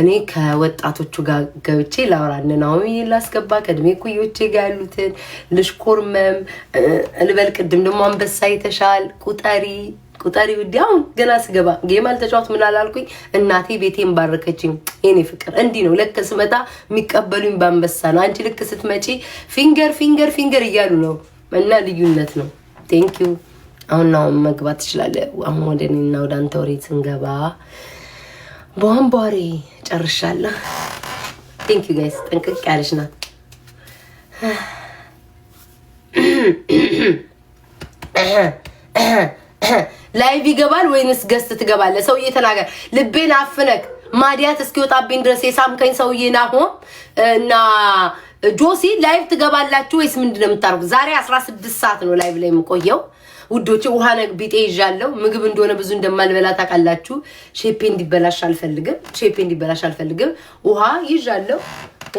እኔ ከወጣቶቹ ጋር ገብቼ ላውራ ናዊ ላስገባ ከእድሜ ኩዮቼ ጋር ያሉትን ልሽኮርመም ልበል። ቅድም ደግሞ አንበሳ ይተሻል ቁጠሪ ቁጠሪ ውዴ። አሁን ገና ስገባ ጌም አልተጫወት ምን አላልኩኝ። እናቴ ቤቴን ባረከችኝ። የኔ ፍቅር እንዲህ ነው። ልክ ስመጣ የሚቀበሉኝ በአንበሳ ነው። አንቺ ልክ ስትመጪ ፊንገር ፊንገር ፊንገር እያሉ ነው። እና ልዩነት ነው። ቴንኪዩ። አሁን አሁን መግባት ትችላለ። አሁን ወደ እኔና ወደ አንተ ወሬ ስንገባ በአንባሬ ጨርሻለሁ። ቴንክ ዩ ጋይስ። ጥንቅቅ ያለች ናት። ላይቭ ይገባል ወይንስ ገስት ትገባለህ? ሰውዬ ተናገር። ልቤን አፍነክ ማዲያት እስኪወጣብኝ ድረስ የሳምከኝ ሰውዬ ናሆም እና ጆሲ ላይቭ ትገባላችሁ ወይስ ምንድን ነው የምታደርጉት? ዛሬ 16 ሰዓት ነው ላይቭ ላይ የምቆየው። ውዶቼ ውሃ ቢጤ ይዣለሁ። ምግብ እንደሆነ ብዙ እንደማልበላ ታውቃላችሁ። ሼፔ እንዲበላሽ አልፈልግም። ሼፔ እንዲበላሽ አልፈልግም። ውሃ ይዣለሁ።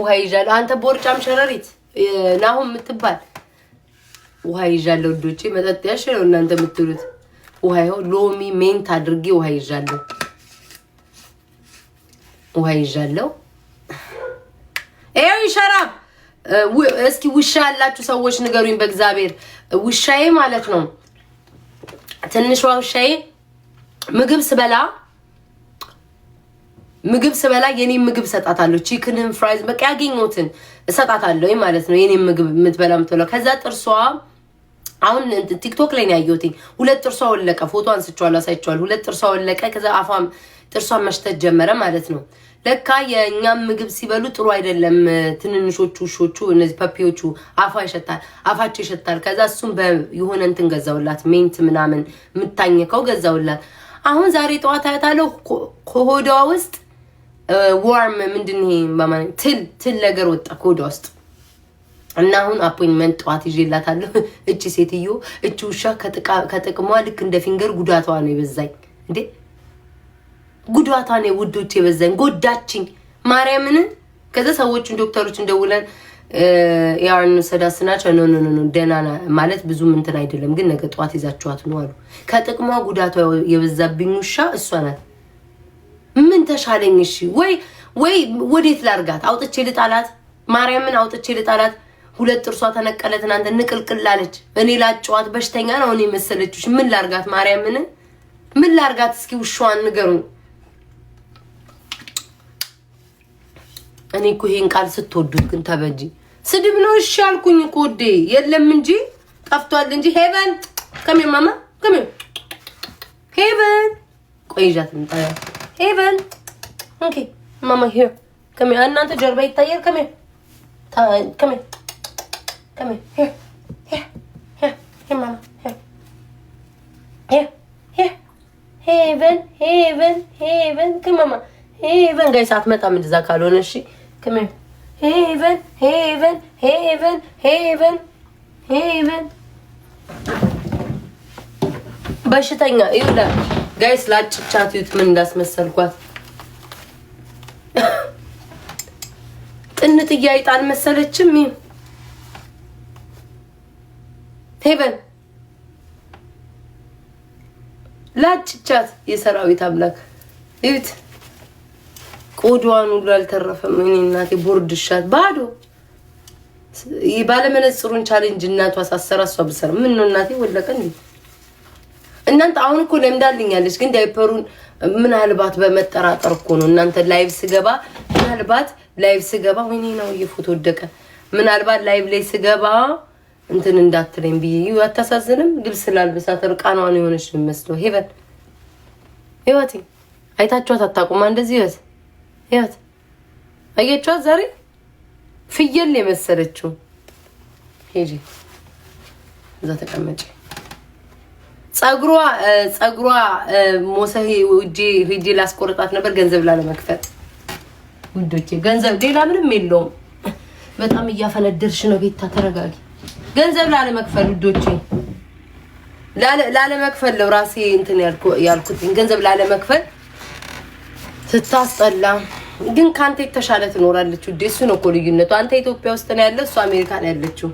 ውሃ ይዣለሁ። አንተ ቦርጫም ሸረሪት ናሁን የምትባል ውሃ ይዣለሁ። ውዶቼ መጠጥ ያሽ ነው እናንተ የምትሉት ውሃ ይኸው ሎሚ ሜንት አድርጌ ውሃ ይዣለሁ። ውሃ ይዣለሁ። ይኸው ይሸራብ። እስኪ ውሻ ያላችሁ ሰዎች ንገሩኝ፣ በእግዚአብሔር ውሻዬ ማለት ነው ትንሿ ውሻዬ ምግብ ስበላ ምግብ ስበላ የኔን ምግብ እሰጣታለሁ። ቺክንን ፍራይዝ በቃ ያገኘሁትን እሰጣታለሁ ማለት ነው። የኔን ምግብ የምትበላ የምትበላ ከዛ ጥርሷ አሁን ቲክቶክ ላይ ነው ያየሁት። ሁለት ጥርሷ ወለቀ። ፎቶ አንስቼዋለሁ፣ አሳይቼዋለሁ። ሁለት ጥርሷ ወለቀ። ከዛ አፏም ጥርሷን መሽተት ጀመረ ማለት ነው። ለካ የእኛም ምግብ ሲበሉ ጥሩ አይደለም። ትንንሾቹ ውሾቹ እነዚህ ፐፒዎቹ አፋ ይሸታል፣ አፋቸው ይሸታል። ከዛ እሱም የሆነ እንትን ገዛውላት፣ ሜንት ምናምን የምታኘከው ገዛውላት። አሁን ዛሬ ጠዋት አያታለሁ ከሆዷ ውስጥ ዋርም ምንድን ይሄ ትል ትል ነገር ወጣ ከሆዷ ውስጥ እና አሁን አፖይንትመንት ጠዋት ይዤላታለሁ። እቺ ሴትዮ እቺ ውሻ ከጥቅሟ ልክ እንደ ፊንገር ጉዳቷ ነው የበዛኝ እንዴ ጉዷታ ነው ውዶች፣ የበዛኝ ጎዳችኝ ማርያምን። ከዛ ሰዎችን ዶክተሮች እንደውለን የአርን ሰዳት ስናቸው ኖ ኖ ኖ ደህና ማለት ብዙም እንትን አይደለም፣ ግን ነገ ጠዋት ይዛችኋት ነው አሉ። ከጥቅሟ ጉዳቷ የበዛብኝ ውሻ እሷ ናት። ምን ተሻለኝ? እሺ ወይ ወይ ወዴት ላርጋት? አውጥቼ ልጣላት? ማርያምን አውጥቼ ልጣላት? ሁለት ጥርሷ ተነቀለ። ትናንት ንቅልቅል አለች። እኔ ላጨዋት በሽተኛ ነው እኔ መሰለችሽ። ምን ላርጋት? ማርያምን ምን ላርጋት? እስኪ ውሻዋን ንገሩኝ። እኔ እኮ ይሄን ቃል ስትወዱት ግን ተበጂ ስድብ ነው። እሺ አልኩኝ እኮ ወዴ የለም እንጂ ጠፍቷል እንጂ ሄቨን ከሜ ማማ ከሜ ሄቨን ቆይዣት እንጣያ ሄቨን ኦኬ ማማ ሄ ከሜ እናንተ ጀርባ ይታያል። ከሜ ከሜ ከሜ ሄ ሄ ሄቨን ሄቨን ሄቨን ከማማ ሄቨን ጋይስ አትመጣም እንደዛ ካልሆነ እሺ Come here. Haven, haven, haven, haven, haven. በሽተኛ ይሁላ ጋይስ ላጭቻት ዩት ምን እንዳስመሰልኳት ጥንት እያይጥ አልመሰለችም። ሄቨን ላጭቻት የሰራዊት አምላክ ይዩት። ቆዳዋን ሁሉ አልተረፈም። እኔ እናቴ ቦርድ ባዶ ባለመነጽሩን ቻሌንጅ እናቷ ሳሰራ እሷ ብሰራ ምን ነው እናቴ ወለቀ እንዴ? እናንተ አሁን እኮ ለምዳልኛለች፣ ግን ዳይፐሩን ምናልባት በመጠራጠር እኮ ነው። እናንተ ላይቭ ስገባ ምናልባት ላይቭ ስገባ ወይኔ ነው እየፎቶ ወደቀ፣ ምናልባት ላይቭ ላይ ስገባ እንትን እንዳትለኝ ብዬ አታሳዝንም? ልብስ ላልብሳት እርቃኗን የሆነች ነው የሚመስለው። ሄቨን ህይወቴ አይታችኋት አታውቁማ እንደዚህ ህይወት ያት አያችኋት ዛሬ ፍየል የመሰለችው። ሄጂ እዛ ተቀመጭ። ጸጉሯ ጸጉሯ ሞሰህ ውጄ ሄጄ ላስቆርጣት ነበር ገንዘብ ላለመክፈል። ውዶቼ ገንዘብ ሌላ ምንም የለውም። በጣም እያፈነደርሽ ነው ቤታ፣ ተረጋጊ። ገንዘብ ላለመክፈል ውዶቼ፣ ላለመክፈል ነው ራሴ እንትን ያልኩት ገንዘብ ላለመክፈል ስታስጠላ ግን ከአንተ የተሻለ ትኖራለች ውዴ። እሱ ነው እኮ ልዩነቱ። አንተ ኢትዮጵያ ውስጥ ነው ያለ፣ እሱ አሜሪካ ነው ያለችው።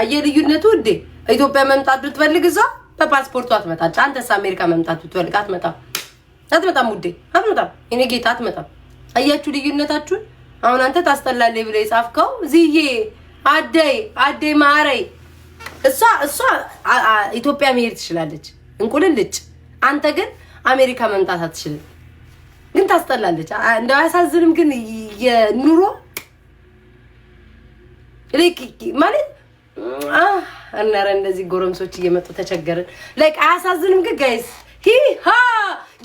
አየህ ልዩነቱ ውዴ። ኢትዮጵያ መምጣት ብትፈልግ እዛ በፓስፖርቱ አትመጣች። አንተስ አሜሪካ መምጣት ብትፈልግ አትመጣም፣ አትመጣም ውዴ፣ አትመጣም። እኔ ጌታ አትመጣም። አያችሁ ልዩነታችሁን። አሁን አንተ ታስጠላለህ ብለህ የጻፍከው ዝዬ አደይ አደይ ማረይ እሷ እሷ ኢትዮጵያ መሄድ ትችላለች እንቁልልጭ። አንተ ግን አሜሪካ መምጣት አትችልም። ግን ታስጠላለች። እንደው አያሳዝንም? ግን የኑሮ ልክ ማለት አናረ እንደዚህ ጎረምሶች እየመጡ ተቸገርን። ላይክ አያሳዝንም? ግን ጋይስ ሂሃ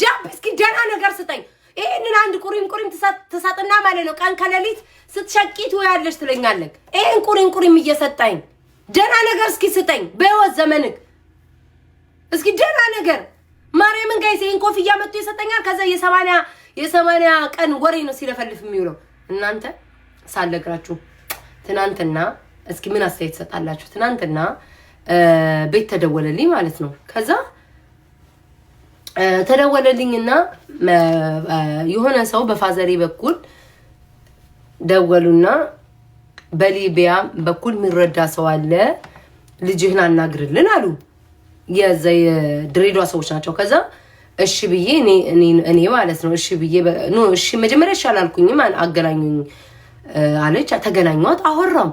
ጃምፕ፣ እስኪ ደህና ነገር ስጠኝ። ይህንን አንድ ቁሪም ቁሪም ትሰጥና ማለት ነው ቀን ከሌሊት ስትሸቂ ትወያለች ትለኛለህ። ይህን ቁሪም ቁሪም እየሰጠኝ ደህና ነገር እስኪ ስጠኝ። በህይወት ዘመንክ እስኪ ደህና ነገር ማርያምን ጋይስ ይህን ኮፍያ መጥቶ ይሰጠኛል ከዛ የሰማንያ የሰማንያ ቀን ወሬ ነው ሲለፈልፍ የሚውለው። እናንተ ሳለግራችሁ ትናንትና፣ እስኪ ምን አስተያየት ትሰጣላችሁ? ትናንትና ቤት ተደወለልኝ ማለት ነው። ከዛ ተደወለልኝና የሆነ ሰው በፋዘሬ በኩል ደወሉና በሊቢያ በኩል የሚረዳ ሰው አለ ልጅህን አናግርልን አሉ። የዛ የድሬዳዋ ሰዎች ናቸው። ከዛ እሺ ብዬ እኔ ማለት ነው እሺ ብዬ ኖ እሺ መጀመሪያ እሺ አላልኩኝም። አገናኙኝ አለች። ተገናኟት፣ አወራም።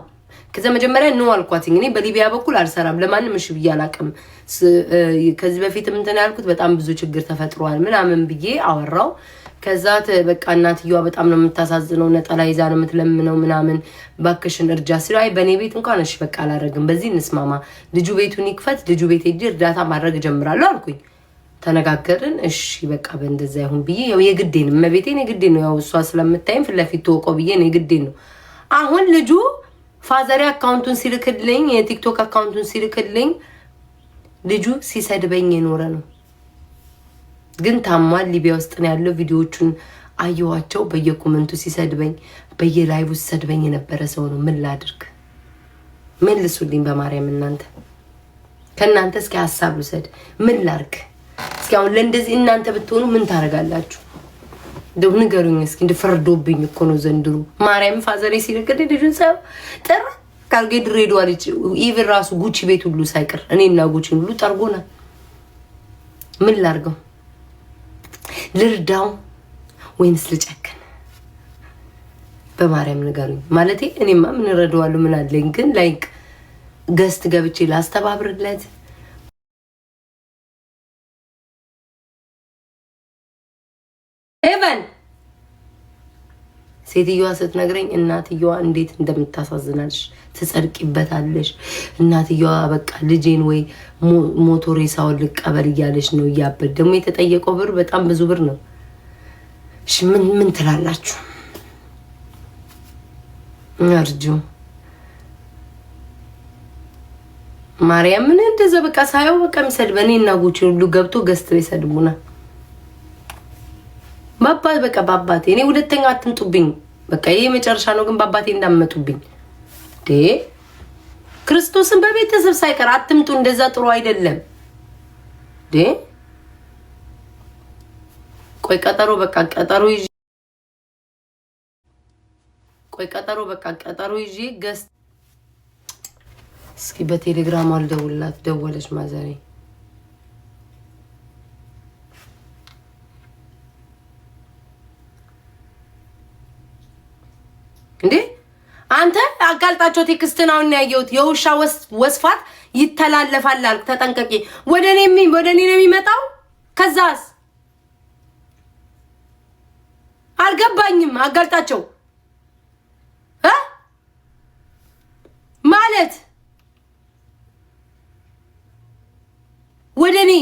ከዛ መጀመሪያ ኖ አልኳትኝ። እኔ በሊቢያ በኩል አልሰራም፣ ለማንም እሺ ብዬ አላቅም። ከዚህ በፊት እንትን ያልኩት በጣም ብዙ ችግር ተፈጥሯል ምናምን ብዬ አወራው። ከዛ በቃ እናትየዋ በጣም ነው የምታሳዝነው፣ ነጠላ ይዛ ነው የምትለምነው ምናምን ባክሽን እርጃ ሲሉ አይ በእኔ ቤት እንኳን እሺ በቃ አላደርግም፣ በዚህ እንስማማ፣ ልጁ ቤቱን ይክፈት፣ ልጁ ቤት ሄጄ እርዳታ ማድረግ እጀምራለሁ አልኩኝ። ተነጋገርን። እሺ በቃ በእንደዛ ይሁን ብዬ ያው የግዴ ነው እመቤቴን የግዴ ነው ያው እሷ ስለምታይም ፊት ለፊት ተወቀው ብዬ ነው የግዴ ነው። አሁን ልጁ ፋዘሪ አካውንቱን ሲልክልኝ የቲክቶክ አካውንቱን ሲልክልኝ ልጁ ሲሰድበኝ የኖረ ነው። ግን ታሟል፣ ሊቢያ ውስጥ ነው ያለው። ቪዲዮዎቹን አየዋቸው። በየኮመንቱ ሲሰድበኝ፣ በየላይቭ ሲሰድበኝ የነበረ ሰው ነው። ምን ላድርግ? ምን ልሱልኝ? በማርያም እናንተ ከእናንተ እስኪ ሀሳብ ልውሰድ። ምን ላርግ? እስኪ አሁን ለእንደዚህ እናንተ ብትሆኑ ምን ታደርጋላችሁ? እንደው ንገሩኝ እስኪ። እንደ ፈርዶብኝ እኮ ነው ዘንድሮ ማርያም ፋዘሬ ሲልክድ ልጁን ሰው ጥር ካርጌ ድሬዳዋ ልጅ ኢቨን ራሱ ጉቺ ቤት ሁሉ ሳይቀር እኔና ጉቺ ሁሉ ጠርጎናል። ምን ላርገው? ልርዳው ወይንስ ልጨክን? በማርያም ንገሩኝ። ማለቴ እኔማ ምን እረዳዋለሁ? ምን አለኝ ግን ላይክ ገስት ገብቼ ላስተባብርለት ሴትዮዋ ስትነግረኝ እናትየዋ እንዴት እንደምታሳዝናልሽ ትጸድቂበታለሽ። እናትየዋ በቃ ልጄን ወይ ሞቶር ሳውን ልቀበል እያለች ነው እያበድ ደግሞ የተጠየቀው ብር በጣም ብዙ ብር ነው። ምን ምን ትላላችሁ? እርጁ ማርያም ምን እንደዛ በቃ ሳየው በቃ የሚሰድበኔ እና ጉቺ ሁሉ ገብቶ ገዝተው ይሰድቡናል። በአባት በቃ በአባቴ እኔ ሁለተኛ አትምጡብኝ። በቃ ይሄ መጨረሻ ነው። ግን በአባቴ እንዳመጡብኝ ዴ ክርስቶስን በቤተሰብ ሳይቀር አትምጡ። እንደዛ ጥሩ አይደለም። ዴ ቆይ ቀጠሮ በቃ ቀጠሮ ይዤ ቆይ ቀጠሮ በቃ ቀጠሮ ይዤ ገስ እስኪ በቴሌግራም አልደውላት ደወለች ማዘሬ እንዴ አንተ አጋልጣቸው ቴክስትን አሁን ያየሁት የውሻ ወስፋት ይተላለፋል አልክ። ተጠንቀቂ። ወደ እኔ ወደ እኔ ነው የሚመጣው። ከዛስ አልገባኝም። አጋልጣቸው እ ማለት ወደ እኔ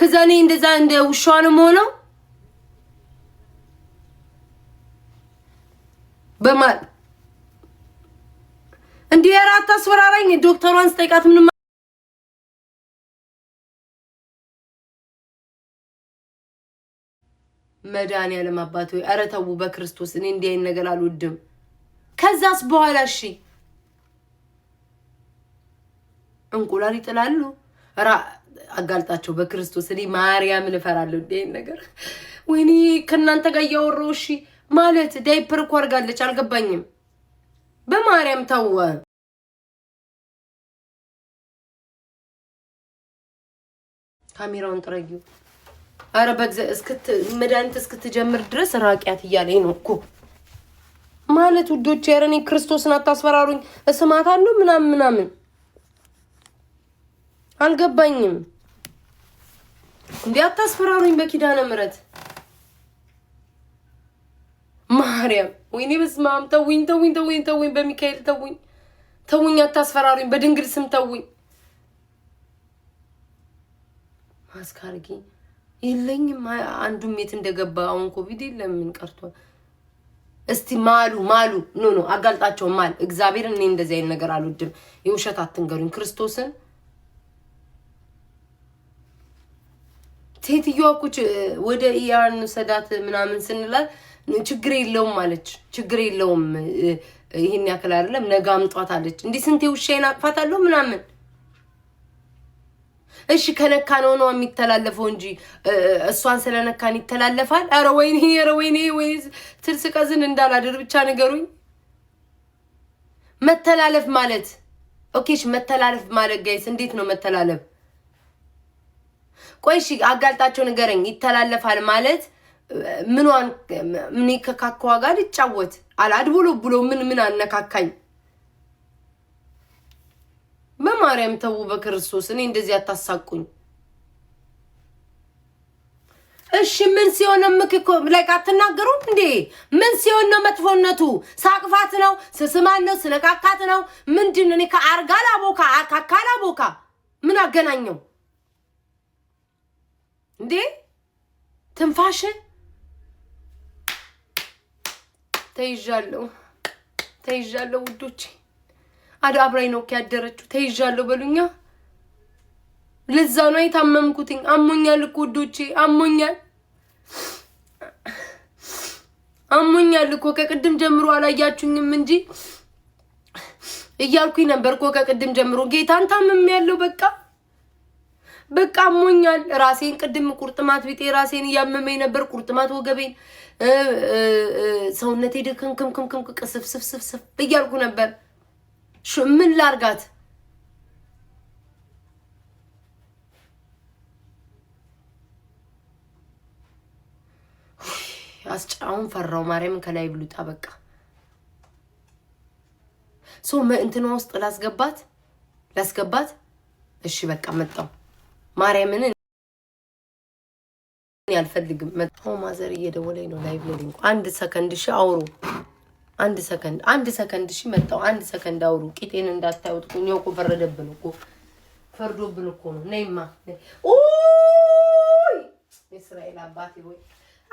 ከዛ እኔ እንደዛ እንደ ውሻ ነው የምሆነው በማል እንዲህ የራት አስፈራራኝ። ዶክተሯን ስጠይቃት ምንም መድኃኒዓለም አባት ሆይ ኧረ ተው በክርስቶስ እኔ እንዲህ አይነት ነገር አልወድም። ከዛስ በኋላ እሺ እንቁላል ይጥላሉ ራ አጋልጣቸው በክርስቶስ እኔ ማርያምን እፈራለሁ እንዲህ አይነት ነገር። ወይኔ ከእናንተ ጋር እያወራሁ እሺ ማለት ዳይፐር እኮ አድርጋለች። አልገባኝም። በማርያም ተወ። ካሜራውን ጥረጊ። አረ መድኃኒት እስክትጀምር ድረስ ራቂያት እያለኝ ነው እኮ ማለት ውዶች፣ ኧረ እኔ ክርስቶስን አታስፈራሩኝ። እስማታለሁ ምናምን ምናምን አልገባኝም። እንዴ አታስፈራሩኝ በኪዳነ ምሕረት ማርያም ወይኔ በስመ አብ ተውኝ፣ ተውኝ፣ ተውኝ፣ ተውኝ፣ በሚካኤል ተውኝ፣ ተውኝ፣ አታስፈራሩኝ፣ በድንግል ስም ተውኝ። ማስክ አድርጊ የለኝም። አንዱም የት እንደገባ አሁን ኮቪድ የለም ምን ቀርቷል። እስቲ ማሉ ማሉ ኖ ኖ አጋልጣቸው ማል እግዚአብሔር እኔ እንደዚህ አይነት ነገር አልወድም። የውሸት አትንገሩኝ ክርስቶስን ሴትዮዋ ኩች ወደ ኢያን ሰዳት ምናምን ስንላል ችግር የለውም አለች። ችግር የለውም ይህን ያክል አይደለም፣ ነገ አምጧት አለች። እንዲህ ስንቴ ውሻዬን አቅፋታለሁ ምናምን። እሺ ከነካ ነው ነው የሚተላለፈው እንጂ እሷን ስለነካን ይተላለፋል። ኧረ ወይኔ፣ ኧረ ወይኔ፣ ወይ ትርስቀዝን እንዳላድር ብቻ ነገሩኝ መተላለፍ ማለት ኦኬሽ፣ መተላለፍ ማለት ጋይስ፣ እንዴት ነው መተላለፍ? ቆይ እሺ አጋልጣቸው ንገረኝ። ይተላለፋል ማለት ምኗን ምን ከካከዋ ጋር ልጫወት አላድ ብሎ ብሎ ምን ምን አነካካኝ? በማርያም ተው፣ በክርስቶስ እኔ እንደዚህ አታሳቁኝ። እሺ ምን ሲሆን ምክ እኮ ላይ አትናገሩም እንዴ? ምን ሲሆን ነው መጥፎነቱ? ሳቅፋት ነው ስስማን ነው ስነካካት ነው ምንድን? እኔ ከአርጋ ላቦካ ካካ ላቦካ ምን አገናኘው እንዴ ትንፋሽ ተይዣለሁ፣ ተይዣለሁ ውዶቼ። አዳ ነው ያደረችው። ተይዣለሁ በሉኛ። ለዛ ነው የታመምኩትኝ። አሞኛል እኮ አሞኛል፣ አሞኛል እኮ ከቅድም ጀምሮ አላያችሁኝም እንጂ እያልኩኝ ነበር እኮ ከቅድም ጀምሮ ጌታን ያለው በቃ በቃ አሞኛል። ራሴን ቅድም ቁርጥማት ቢጤ ራሴን እያመመኝ ነበር። ቁርጥማት ወገቤን፣ ሰውነቴ ድክምክምክምክም ቅስፍስፍስፍ እያልኩ ነበር። ምን ላርጋት? አሁን ፈራው ማርያምን ከላይ ብሉጣ በቃ ሶ እንትኗ ውስጥ ላስገባት ላስገባት። እሺ በቃ መጣው። ማርያምን አልፈልግም። መጣሁ ማዘር እየደወለኝ ነው። ላይቭ ሎዲንግ አንድ ሰከንድ ሺ አውሩ። አንድ ሰከንድ አንድ ሰከንድ ሺ መጣው አንድ ሰከንድ አውሩ። ቂጤን እንዳታዩት እኮ እኛው እኮ ፈረደብን እኮ ፈርዶብን እኮ ነው። ነይማ ኦይ እስራኤል አባቴ ወይ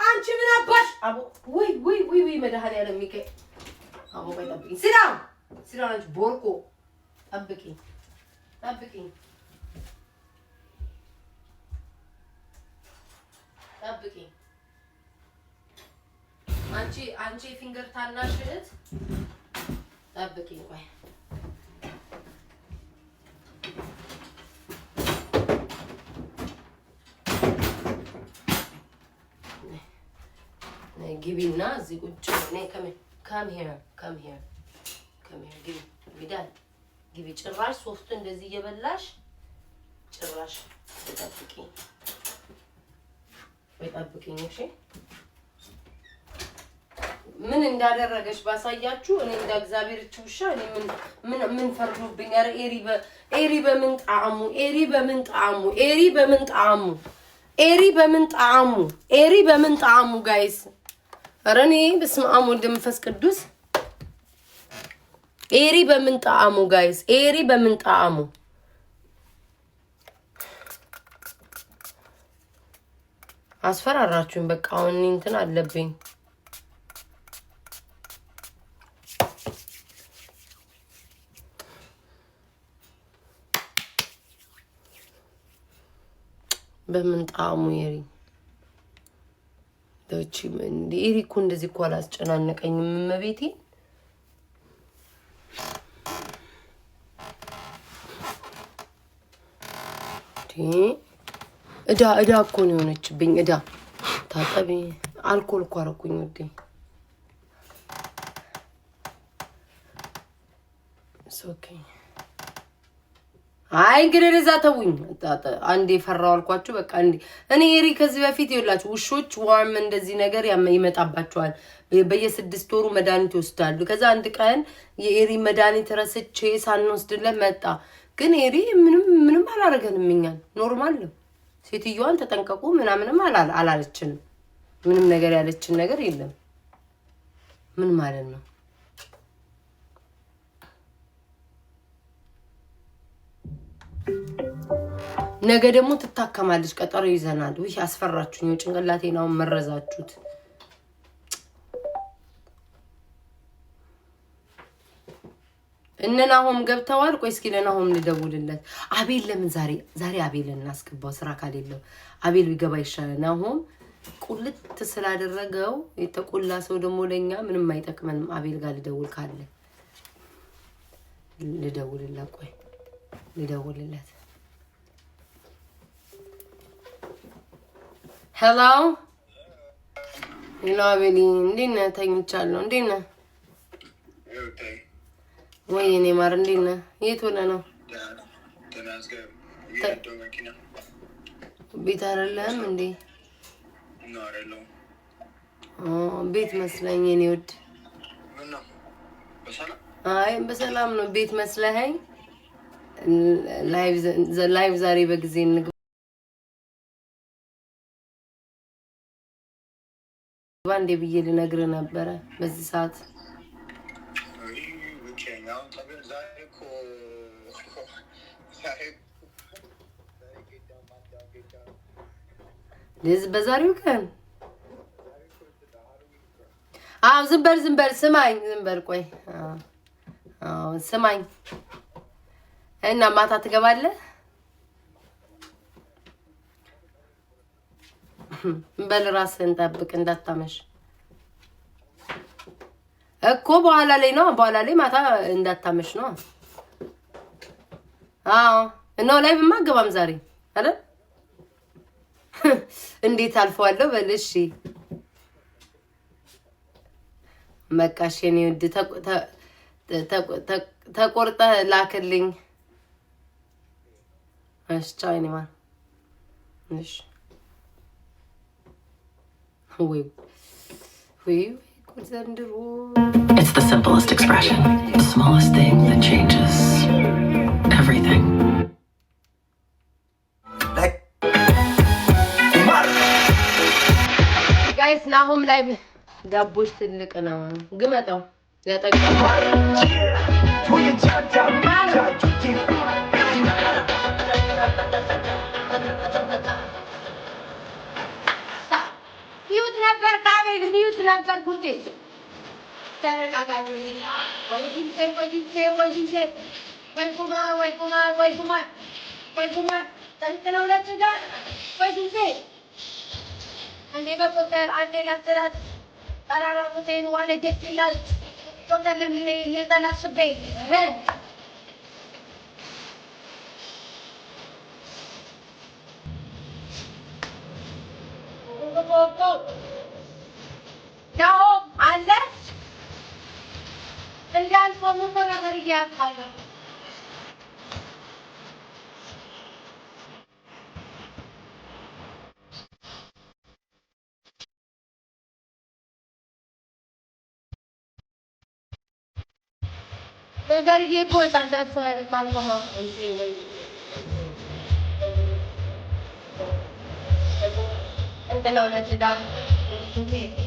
አንቺ ምን አባሽ አቦ ወይ ወይ ወይ ወይ መድኃኒዓለም ሚካኤል አቦ ባይ ጠብቂኝ። ስራ ስራ አንቺ ቦርኮ ጠብቂኝ ጠብቂኝ ጠብቂኝ። አንቺ አንቺ ፊንገር ታናሽ እህት ጠብቂኝ። ቆይ ግቢና እዚህ ቁጭ ግቢ ግቢ። ጭራሽ ሶፍት እንደዚህ እየበላሽ ጭራሽ ጠብቂኝ። ወይ ጠብቅኝ። እሺ ምን እንዳደረገች ባሳያችሁ። እኔ እንደ እግዚአብሔር እቺ እኔ ምን ምን ፈርዶብኝ? ኧረ ኤሪ በ ኤሪ በምን ጣዕሙ ኤሪ በምን ጣዕሙ ኤሪ በምን ጣዕሙ ኤሪ በምን ጣዕሙ ኤሪ በምን ጣዕሙ ጋይስ ኧረ እኔ በስመ አብ ወልድ መንፈስ ቅዱስ ኤሪ በምን ጣዕሙ ጋይስ ኤሪ በምን ጣዕሙ አስፈራራችሁኝ። በቃ አሁን እንትን አለብኝ። በምን ጣዕሙ የሪ ኢሪ እኮ እንደዚህ እኮ አላስጨናነቀኝም። እመቤቴ ዲ እዳ እዳ እኮ ነው የሆነችብኝ። እዳ ታጠቢ አልኮል እኮ አደረኩኝ ወዴ አይ እንግዲህ እዛ ተውኝ። አንዴ ፈራው አልኳችሁ። በቃ እንዴ እኔ ሪ ከዚህ በፊት ይላችሁ ውሾች ዋርም እንደዚህ ነገር ይመጣባቸዋል። በየስድስት ወሩ መድኃኒት ይወስዳሉ። ከዛ አንድ ቀን የኤሪ መድኃኒት ረስቼ ሳንወስድለት መጣ። ግን ኤሪ ምንም ምንም አላደረገንም። እኛን ኖርማል ነው ሴትዮዋን ተጠንቀቁ ምናምንም አላለችንም። ምንም ነገር ያለችን ነገር የለም። ምን ማለት ነው? ነገ ደግሞ ትታከማለች። ቀጠሮ ይዘናል። ውይ አስፈራችሁኝ። ጭንቅላቴ ነው መረዛችሁት። እነናሆም ገብተዋል። ቆይ እስኪ ለናሆም ልደውልለት። አቤል ለምን ዛሬ ዛሬ አቤል እናስገባው፣ ስራ ካሌለው አቤል ቢገባ ይሻላል። ናሆም ቁልት ስላደረገው የተቆላ ሰው ደግሞ ለእኛ ምንም አይጠቅመንም። አቤል ጋር ልደውል ካለ ልደውልለት። ቆይ ልደውልለት። ሄሎ ሄሎ፣ አቤል እንዴት ነህ? ተኝቻለሁ። እንዴት ነህ? ወይ እኔ ማር እንዴት ነህ? የት ሆነ ነው ቤት አይደለም እንዴ? ቤት መስለኝ የኔ ውድ። አይ በሰላም ነው። ቤት መስለኸኝ ላይቭ ዛሬ በጊዜ እንግባ እንዴ ብዬ ልነግርህ ነበረ በዚህ ሰዓት በዛሬው ቀን አዎ፣ ዝም በል ዝም በል ስማኝ፣ ዝም በል ቆይ፣ አዎ ስማኝ። እና ማታ ትገባለህ? በል ራስህን ጠብቅ እንዳታመሽ። እኮ በኋላ ላይ ነው። በኋላ ላይ ማታ እንዳታመሽ ነው። አዎ እና ላይ ብማገባም ዛሬ አለ እንዴት አልፈዋለሁ። በል እሺ መቃሽ የኔ ውድ ተቆርጠ ላክልኝ። እሺ ቻው የኔ ማን። እሺ ወይ ወይ It's the simplest expression, the smallest thing that changes everything. Like Guys, now home live. The bush didn't look at our Gimme though. Yeah, thank you. Number कावे news number कुठे तर काका पैसे पैसे पैसे वैकुमार वैकुमार वैकुमार वैकुमार त्यांचं नवऱ्या तुझ्या पैसे आणि बघ आणि नंतर तारा होते वाले ते पिलाल तो त्यांना येताना सुबे go, go, go. No, unless kailangan po mo mga karigyan kayo. Nagarigyan po, tandaan sa mga mga Ang tanaw na sila. Okay.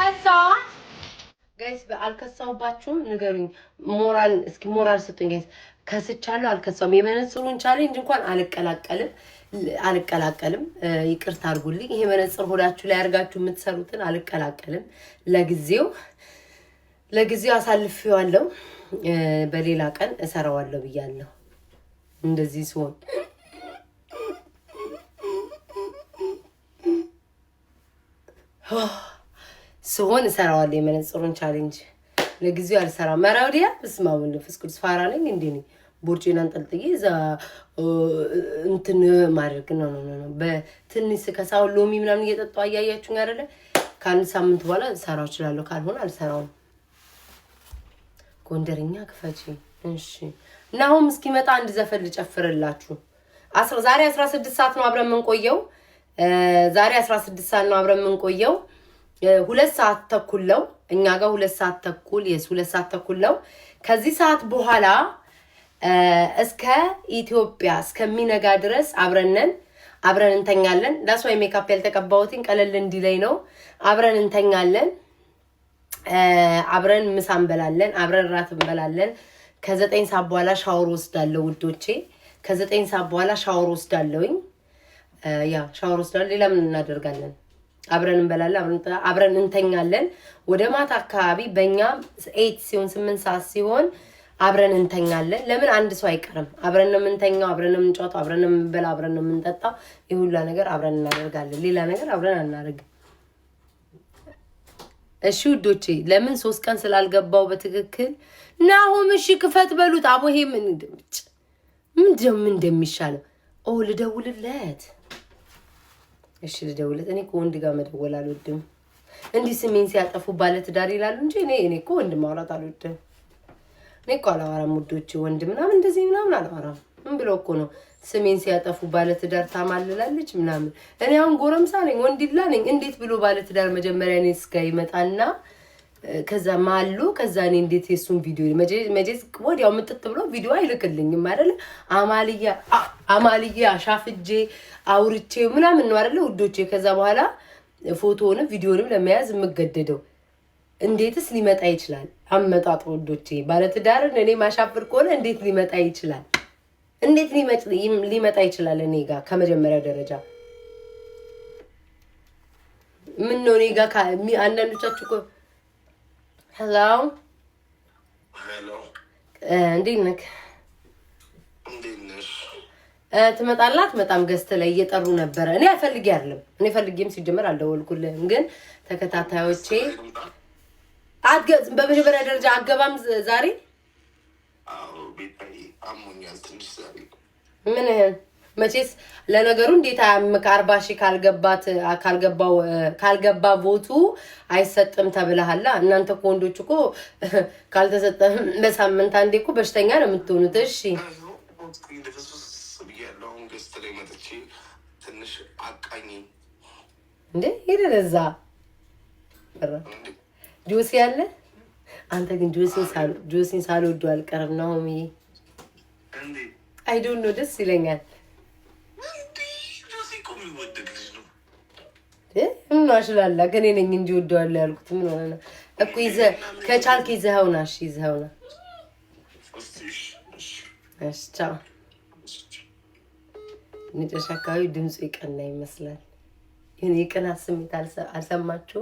ከሳ ጋይስ አልከሳሁባችሁም፣ ንገሩኝ። ሞራል እስኪ ሞራል ስጡኝ ጋይስ። ከስቻለሁ፣ አልከሳሁም። የመነጽሩን ቻሌንጅ እንኳን አልቀላቀልም አልቀላቀልም። ይቅርታ አድርጉልኝ። ይሄ መነጽር ሆዳችሁ ላይ አድርጋችሁ የምትሰሩትን አልቀላቀልም። ለጊዜው ለጊዜው አሳልፌዋለሁ። በሌላ ቀን እሰራዋለሁ ብያለሁ። እንደዚህ ሲሆን Oh ስሆን እሰራዋለ የመነጽሩን ቻሌንጅ። ለጊዜው አልሰራ መራውዲያ ወዲያ ንፍስ ቅዱስ ፋራ ነኝ እንዴ ነኝ አንጠልጥዬ እዛ እንትን ማድረግ ነው ነው ነው። በትንሽ ከሳሁን ሎሚ ምናምን እየጠጡ አያያችሁ አደለ ከአንድ ሳምንት በኋላ ሰራው እችላለሁ፣ ካልሆነ አልሰራውም። ጎንደርኛ ክፈች እሺ። እና አሁን እስኪመጣ አንድ ዘፈን ልጨፍርላችሁ። ዛሬ አስራ ስድስት ሰዓት ነው አብረን የምንቆየው። ዛሬ አስራ ስድስት ሰዓት ነው አብረን የምንቆየው። ሁለት ሰዓት ተኩል ነው እኛ ጋር ሁለት ሰዓት ተኩል የስ ሁለት ሰዓት ተኩል ነው። ከዚህ ሰዓት በኋላ እስከ ኢትዮጵያ እስከሚነጋ ድረስ አብረነን አብረን እንተኛለን። ዳሷ ሜካፕ ያልተቀባሁትን ቀለል እንዲለይ ነው። አብረን እንተኛለን፣ አብረን ምሳ እንበላለን፣ አብረን ራት እንበላለን። ከዘጠኝ ሰዓት በኋላ ሻወር ወስዳለሁ ውዶቼ። ከዘጠኝ ሰዓት በኋላ ሻወር ወስዳለሁኝ። ያ ሻወር ወስዳለሁ። ሌላ ምን እናደርጋለን? አብረን እንበላለን፣ አብረን እንተኛለን። ወደ ማታ አካባቢ በእኛ ኤይት ሲሆን ስምንት ሰዓት ሲሆን አብረን እንተኛለን። ለምን አንድ ሰው አይቀርም። አብረን ነው የምንተኛው፣ አብረን ነው የምንጫወተው፣ አብረን ነው የምንበላ፣ አብረን ነው የምንጠጣው። ይህ ሁላ ነገር አብረን እናደርጋለን። ሌላ ነገር አብረን አናደርግም። እሺ ውዶቼ፣ ለምን ሶስት ቀን ስላልገባው በትክክል ናሁም፣ እሺ ክፈት በሉት። አቦ ይሄ ምን እንደሚሻለው ኦ ልደውልለት እሺ ልደውለት። እኔ ከወንድ ጋር መደወል አልወድም። እንዲህ ስሜን ሲያጠፉ ባለ ትዳር ይላሉ እንጂ እኔ እኔ እኮ ወንድ ማውራት አልወድም። እኔ እኮ አላወራም ውዶች፣ ወንድ ምናምን እንደዚህ ምናምን አላወራም። ምን ብሎ እኮ ነው ስሜን ሲያጠፉ ባለ ትዳር ታማልላለች ምናምን። እኔ አሁን ጎረምሳ ነኝ፣ ወንድ ይላ ነኝ። እንዴት ብሎ ባለ ትዳር መጀመሪያ እኔ እስከ ይመጣና ከዛ ማሉ ከዛ እኔ እንዴት የሱን ቪዲዮ መቼስ ወዲያው ምጥጥ ብሎ ቪዲዮ አይልክልኝም አይደለ? አማልያ አማልያ አሻፍጄ አውርቼ ምናምን ነው አይደለ ውዶቼ። ከዛ በኋላ ፎቶንም ቪዲዮንም ለመያዝ የምገደደው እንዴትስ ሊመጣ ይችላል? አመጣጥ ውዶቼ፣ ባለትዳርን እኔ ማሻፍር ከሆነ እንዴት ሊመጣ ይችላል? እንዴት ሊመጣ ይችላል? እኔ ጋር ከመጀመሪያ ደረጃ ምን ነው እኔ ጋር አንዳንዶቻችሁ ሄሎ እንዴት ነህ? ትመጣለህ አትመጣም? ገዝት ላይ እየጠሩ ነበረ። እኔ አፈልጌ አይደለም እኔ ፈልጌም ሲጀመር አልደወልኩልህም፣ ግን ተከታታዮቼ በመጀመሪያ ደረጃ አገባም ዛሬ ምን መቼስ ለነገሩ እንዴት ከአርባ ሺህ ካልገባት ካልገባ ቦቱ አይሰጥም ተብለሃላ። እናንተ እኮ ወንዶች እኮ ካልተሰጠ በሳምንት አንዴ እኮ በሽተኛ ነው የምትሆኑት። እሺ እንዴ ሄደህ እዛ ጆሲ አለ። አንተ ግን ጆሲን ሳልወዱ አልቀርም ነው። አይ ነው ደስ ይለኛል ናሽላላ ግን እኔ ነኝ እንጂ ወደዋለሁ ያልኩት ምን ሆነ እኮ ይዘህ ከቻልክ ይዘኸው ና እሺ ይዘኸው ና እሺ ቻው መጨረሻ አካባቢ ድምፁ ይቀና ይመስላል የሆነ ስሜት አልሰማችሁም